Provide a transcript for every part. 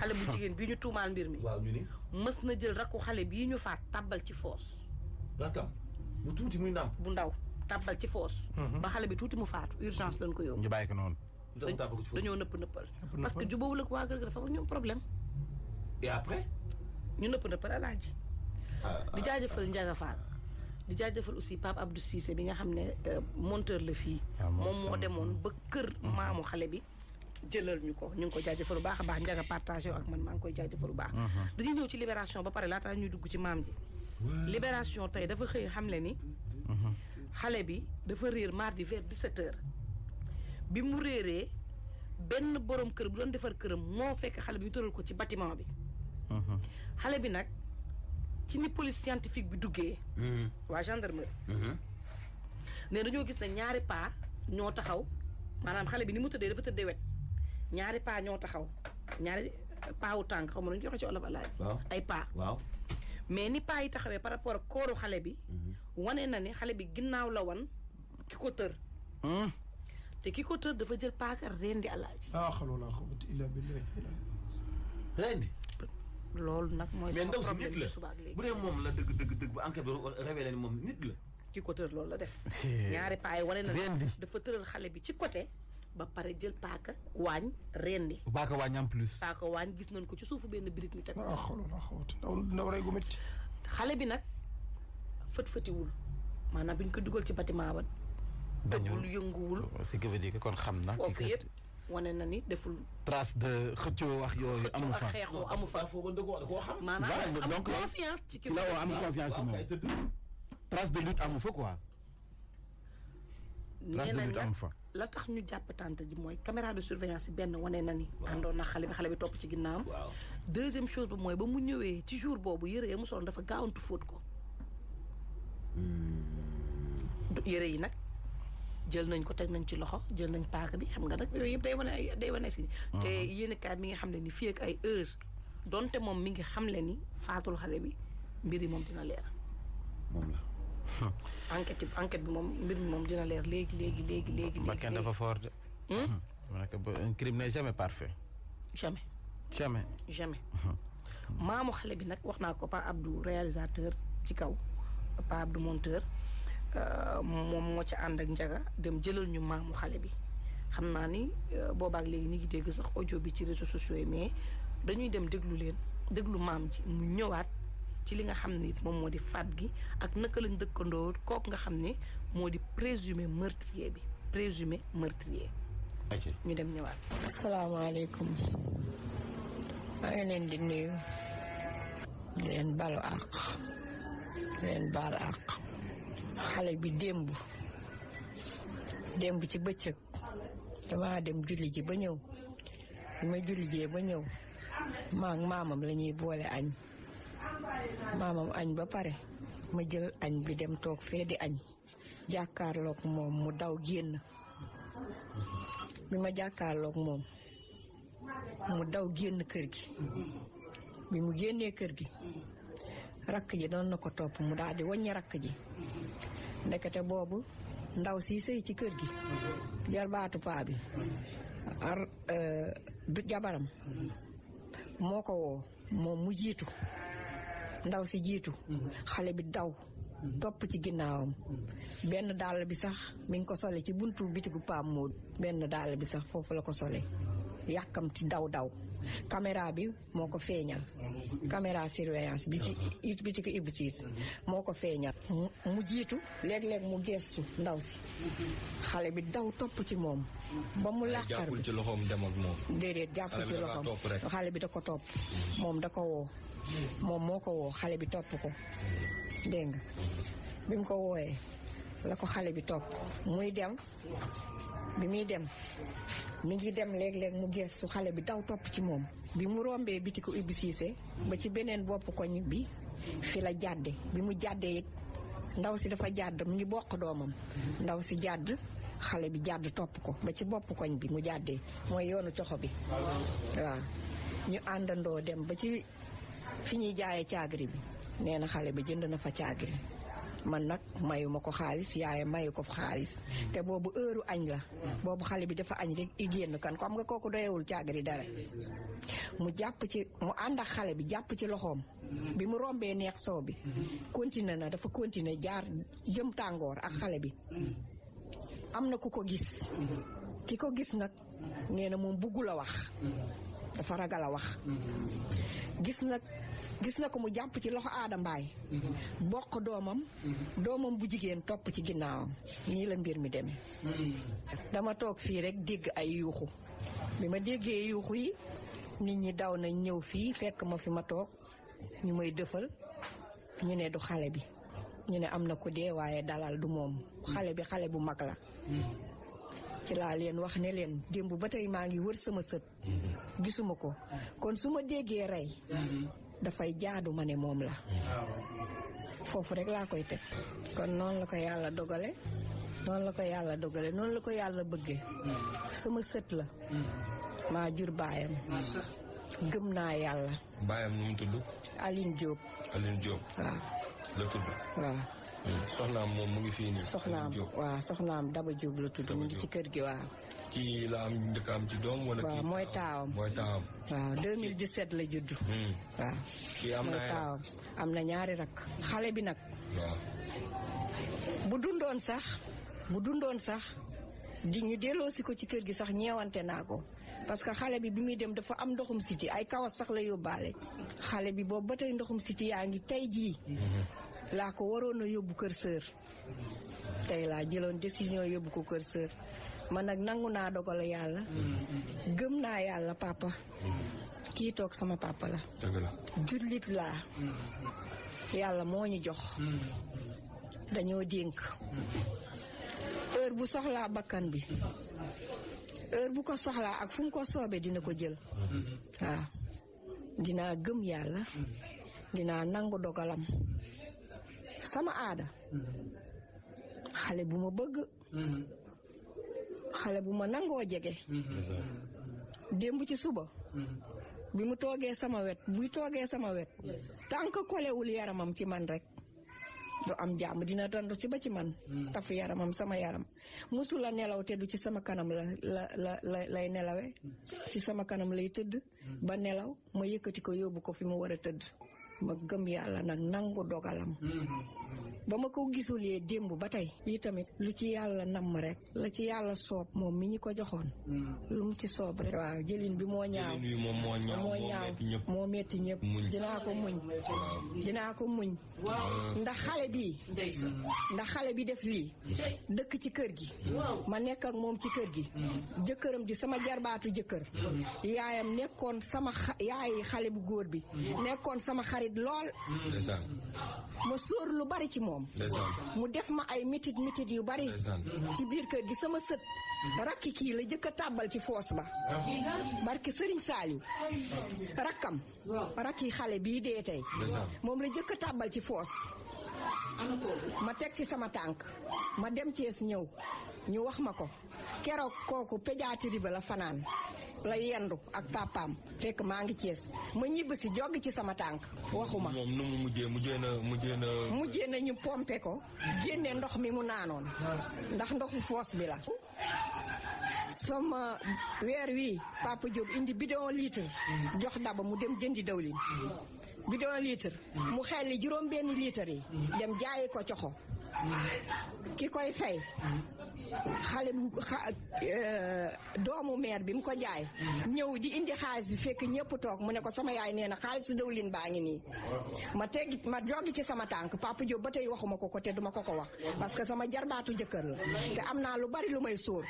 xale bu jigéen bi ñu tuumaal mbir mi. waaw ñu ni mës na jël rakku xale bii ñu faat tàbbal ci foos. rakkam bu tuuti muy nàmp. bu ndaw tàbbal ci foos. Mhm. ba xale bi tuuti mu faatu urgence lañ ko yow ñu bàyyi ko noonu. dañoo nëpp nëppal. parce que jubóowul ak waa kër ga dafa am ñoom problème. et après. ñu nëpp nëppal alaaji. Ah, di ah, jaajëfal ah. Ndiaga Fall. di jaajëfal aussi Pape Abdou Cissé bi nga xam ne euh, monteur la fii. moom moo demoon ba kër mhm. maamu xale bi. jëlal ñu ko ñu ngi ko jaajëfal bu baax a baax njaga partagé ak man maa ngi koy jaajëfal bu baax uh-huh. dañuy ñëw ci libération ba pare laata ñuy dugg ci maam ji libération tey dafa xëy xamle ni uh-huh. xale bi dafa réer mardi vers 17 heures bi mu réeree benn borom kër bu doon defar këram moo fekk xale bi ñu tëral ko ci bâtiment bi uh-huh. xale bi nag ci ni police scientifique bi duggee waa gendarmerie ne dañoo gis ne ñaari paa ñoo taxaw maanaam xale bi ni mu tëddee dafa tëddee wet ñaari paa ñoo taxaw ñaari paawu tànk xaw ma nu ñu koy ci olof alaaj ay paa waaw mais ni paa yi taxawee par rapport ak kooru xale bi mhm. wane na ni xale bi ginnaaw la wan ki ko tër hmm? te ki ko tër dafa jël paaka rendi alaaji laa hawla wala quwwata loolu nag mooy sama problème bi suba bu dee moom la dëgg dëgg dëgg bu enquête bi révélé ni moom nit la ki ko tër loolu la def ñaari paa yi wane na dafa tëral xale bi ci côté ba paré jël paaka wañ rendi paaka wañ en plus paaka wañ gis nañ ko ci suufu benn brique ñu teg ah xolol oh oh, xawat ndaw ndaw rey gu metti xalé bi feut feuti wul manam biñ ko duggal ci bâtiment ba yëngu wul oh, ce qui veut dire que kon xam na foofu yëpp wane na ni deful trace de xëccu wax yooyu amu fa xeexoo amu fa ko da ko xam maanaam am confiance ci ki la am confiance mo trace de lutte amu fa quoi trace de lutte amu fa la tax ñu jàpp tante ji mooy caméra de surveillance yi benn wane na ni. àndoon na xale bi xale bi topp ci ginnaawam. deuxième chose bi mooy ba mu ñëwee ci jour boobu yëre yi dafa gaawantu fóot ko. Hmm. yëre yi nag jël nañ ko teg nañ ci loxo jël nañ paaka bi xam nga nag yooyu yëpp day wane ay day wane si. Uh-huh. te yéen kaay mi nga xam ne ni fii ay heure donte moom mi ngi xam le ni faatul xale bi mbir yi moom dina leer. moom Hmm. enquête enquête bi moom mbir mi moom dina leer léegi léegi léegi léegi. Mbacké hmm. dafa fort de. Hmm? un crime n'est jamais parfait. jamais. jamais jamais. maamu xale bi nag wax naa ko Pa Abdou réalisateur ci kaw Pa Abdou monteur euh, moom moo ca ànd ak njaga dem jëlal ñu maamu xale bi. xam naa ni euh, boobaak léegi ñu ngi dégg sax ojo bi ci réseaux sociaux yi mais dañuy dem déglu leen déglu maam ji mu ñëwaat. ci li nga xam ni moom moo di faat gi ak naka lañ dëkkandoo kooku nga xam ne moo di présumé meurtrier bi présumé meurtrier ñu dem ñëwaat asalaamaaleykum maa ngi leen di nuyu leen balu àq leen baal àq xale bi démb démb ci bëccëg dama dem julli ji ba ñëw bi ma julli jee ba ñëw maa ak maamam la ñuy boole añ maamam añ ba pare ma jël añ bi dem toog fee di añ jàkkaarloog moom mu daw génn bi ma jàkkaarloog moom mu daw génn kër gi bi mu génnee kër gi rakk ji doon na ko topp mu daal di waññi rakk ji ndekete boobu ndaw si sëy ci kër gi jarbaatu paa bi ar euh, du jabaram moo ko woo moom mu jiitu ndaw si jiitu mm-hmm. xale bi daw mm-hmm. topp ci ginnaawam mm-hmm. benn dàll bi sax mi ngi ko sole ci buntu bitigu Pape Modou benn dàll bi sax foofu la ko sole yàkkamti daw daw caméra bi moo ko feeñal caméra surveillance bi ci bi ci moo ko feeñal mu jiitu léeg-léeg mu geestu ndaw si xale bi daw topp ci moom ba mu làqar bi déedéet jàppul ci loxoom xale bi da ko topp moom da ko woo moom moo ko woo xale bi topp ko dégg nga bi mu ko wooyee la ko xale bi topp muy dem bi muy dem mu ngi dem léeg-léeg mu geestu xale bi daw topp ci moom bi mu rombee biti ko ubbi siise ba ci beneen bopp koñ bi fi la jàdde bi mu jàddee it ndaw si dafa jàdd mu ngi bokk doomam ndaw si jàdd xale bi jàdd topp ko ba ci bopp koñ bi mu jàddee mooy yoonu coxo bi waaw ñu àndandoo dem ba ci fi ñuy jaayee caagri bi nee na xale bi jënd na fa caagri man nag mayuma ko xaalis yaay mayu ko xaalis mm. te boobu heure añ la mm. boobu xale bi dafa añ rek i génn kan ko ga nga ko doyewul caagri dara mu jàpp ci mu ànd ak xale bi jàpp ci loxoom mm. bi mu rombee neex soow bi mm-hmm. continué na dafa continué jaar jëm tàngoor ak xale bi am na ku ko gis mm-hmm. ki ko gis nag nee na moom bëggul a wax mm-hmm. dafa ragal a wax gis nag gis na ko mu jàpp ci loxo aada mbaay bokk doomam doomam bu jigéen topp ci ginnaawam nii la mbir mi demee dama toog fii rek dégg ay yuuxu bi ma déggee yuuxu yi nit ñi daw na ñëw fii fekk ma fi ma toog ñu may dëfal ñu ne du xale bi ñu ne am na ku dee waaye dalal du moom xale bi xale bu mag la ci la leen wax ne leen dembu batay ma ngi wër sama seut mhm. gisuma ko kon suma ma ray mhm. da fay jaadu mané mom la mhm. fofu rek la koy tek kon non la ko yalla dogale non la ko yalla dogale non la ko yalla bëggé sama seut la ma jur bayam gëm na yalla bayam ñu tuddu Aline Diop Aline Diop la tuddu soxnaam moom mu ngi fii nii. soxnaam waaw soxnaam Daba Diop la tudd mu ngi ci kër gi waaw. kii la am njëkk am ci doom wala. waaw mooy taawam mooy taawam. waaw 2017 la judd. Hmm. waaw. kii am na mooy taawam am na ñaari rak. xale bi nag. bu dundoon sax bu dundoon sax di ñu si ko ci kër gi sax ñeewante naa ko parce que xale bi bi muy dem dafa am ndoxum siti ay kawas sax la yóbbaale xale bi boobu ba tey ndoxum siti yaa ngi tey jii. Hmm. laa ko waroon a yóbbu kër sër tey laa jëloon décision yóbbu ko kërsër man nag nangu naa dogal yàlla gëm naa yàlla papa kii toog sama papa la jullit la yàlla moo ñu jox dañoo dénk heure bu soxlaa bakkan bi heure bu ko soxlaa ak fu ko soobee dina ko jël mm-hmm. waaw dinaa gëm yàlla mm-hmm. dinaa nangu dogalam sama aada xale bu ma bëgg xale bu ma nangoo jege démb ci suba bi mu toogee sama wet buy toogee sama wet tant que kolewul yaramam ci man rek du am jàmm dina dandu si ba ci man taf yaramam sama yaram musul nelaw te ci sama kanam la la la la lay nelawe ci sama kanam lay tëdd ba nelaw ma yëkkati ko yóbbu ko fi mu war a tëdd ma gëm yàlla ya, nag nangu dogalam mm-hmm. ba ma ko gisulee démb ba tey yi tamit lu ci yàlla namm rek la ci yàlla soob moom mi ñu ko joxoon mm-hmm. lu mu ci soob rek waaw jëlin bi moo ñaaw moo ñaaw moo metti ñëpp dinaa ko muñ dinaa ko muñ ndax xale bi mm-hmm. ndax xale bi def lii dëkk ci kër gi ma nekk ak moom ci kër gi jëkkëram ji sama jarbaatu jëkkër yaayam nekkoon sama yaayi xale bu góor bi nekkoon sama xarit xarit lool. ma sóor lu bari ci moom. mu def ma ay mitit mitit yu bari. ci biir kër gi sama sët. rakki kii la jëkk a tàbbal ci foos ba. barke Serigne Saliou. rakkam. rakki xale bii dee tey. moom la jëkk a tàbbal ci foos. ma teg ci sama tànk ma dem Cees ñëw ñu wax ma ko keroog kooku pédiatrie ba la fanaan la yendu ak papaam fekk maa ngi Cees ma ñibb si jogg ci sama tànk waxuma moom nu mu mujjee mujjee na ñu pompe ko génne ndox mi mu naanoon ndax ndoxu foos bi la sama weer wi Papa Diop indi bidon litre jox daba mu dem jëndi dawlin bidon litre mu xelli juróom benn litre yi dem jaayi ko coxo ki koy fay xale euh, doomu meer bi mu ko jaay ñëw di indi xaalis bi fekk ñëpp toog mu ne ko sama yaay nee na xaalisu dëwlin baa ngi nii ma teggi ma joggi ci sama tànk Papa ba tey waxuma ko ko te duma ko ko wax parce que sama jarbaatu jëkkër la te am naa lu bari lu may sóor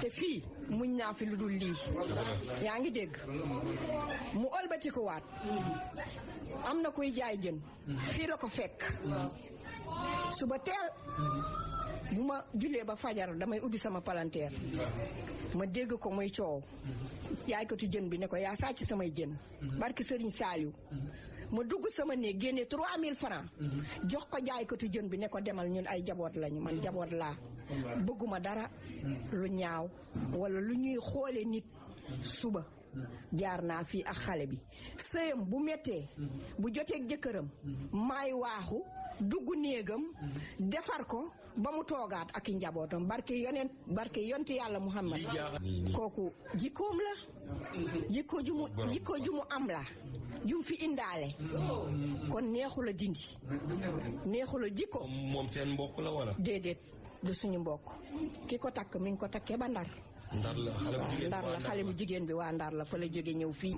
te fii muñ naa fi lu dul lii yaa ngi dégg mu ëlbatikuwaat am na kuy jaay jën fii la ko fekk suba teel bu ma jullee ba fajar damay ubbi sama palanteer ma dégg ko muy coow jaaykatu jën bi ne ko yaa sàcc samay jën barki sëriñ Saaliw ma dugg sama néeg génne trois mille francs jox ko jaaykatu jën bi ne ko demal ñun ay jaboot lañu man jaboot la bëgguma dara lu ñaaw walla lu ñuy xoole nit suba jaar naa fii ak xale bi sëyam bu méttee bu jotee jëkkëram maay waaxu dugg néegam defar ko ba mu toogaat ak i njabootam barke yonent barke yonti yàlla Muhammad kooku jikkoom la jikko ju mu jikko am la jum fi indaale kon neexu la dindi neexu la jikko moom seen mbokk la wala déedéet du suñu mbok ki ko takk mi ngi ko takkee ba Ndar ndar xale bu jigéen bi waa ndar la fa la jóge ñëw fii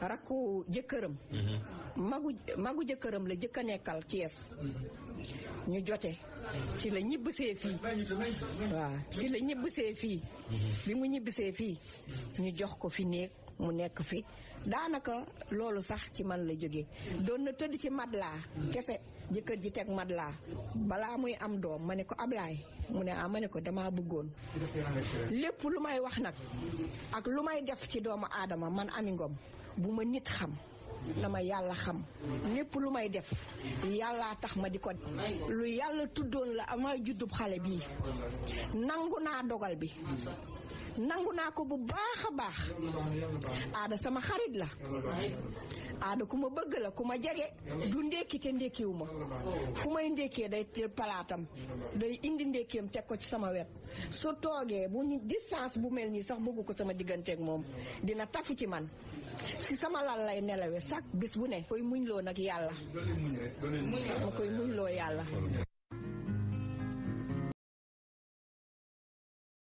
rakku jëkkëram mhm. magu jëkkëram la jëkk a nekkal Thiès ñu jote ci la ñibbisee fii mhm. bi mu ñibbisee fii ñu jox ko fi néeg mu nekk fi daanaka loolu sax ci man la jóge doon na tëdd ci mat laa kese jëkkër ji teg mat laa balaa muy am doom ma ne ko Ablaay mu ne ah ma ne ko damaa bëggoon lépp lu may wax nag ak lu may def ci doomu aadama man Amy Ngom bu ma nit xam na ma yàlla xam lépp lu may def yàllaa tax ma di ko lu yàlla tuddoon la amay ah, juddub xale bii nangu naa dogal bi nangu naa ko bu baax baax aada sama xarit la aada ku ma bëgg la ku ma jege du ndékki te ndékkiwu ma fu may ndékkee day te palaatam day indi ndékkeem teg ko ci sama wet su toogee bu ñu distance bu mel nii sax bëggu ko sama digganteeg moom dina tafu ci man si sama lal lay nelawee chaque bis bu ne koy muñ nag yàlla muñ loo yàlla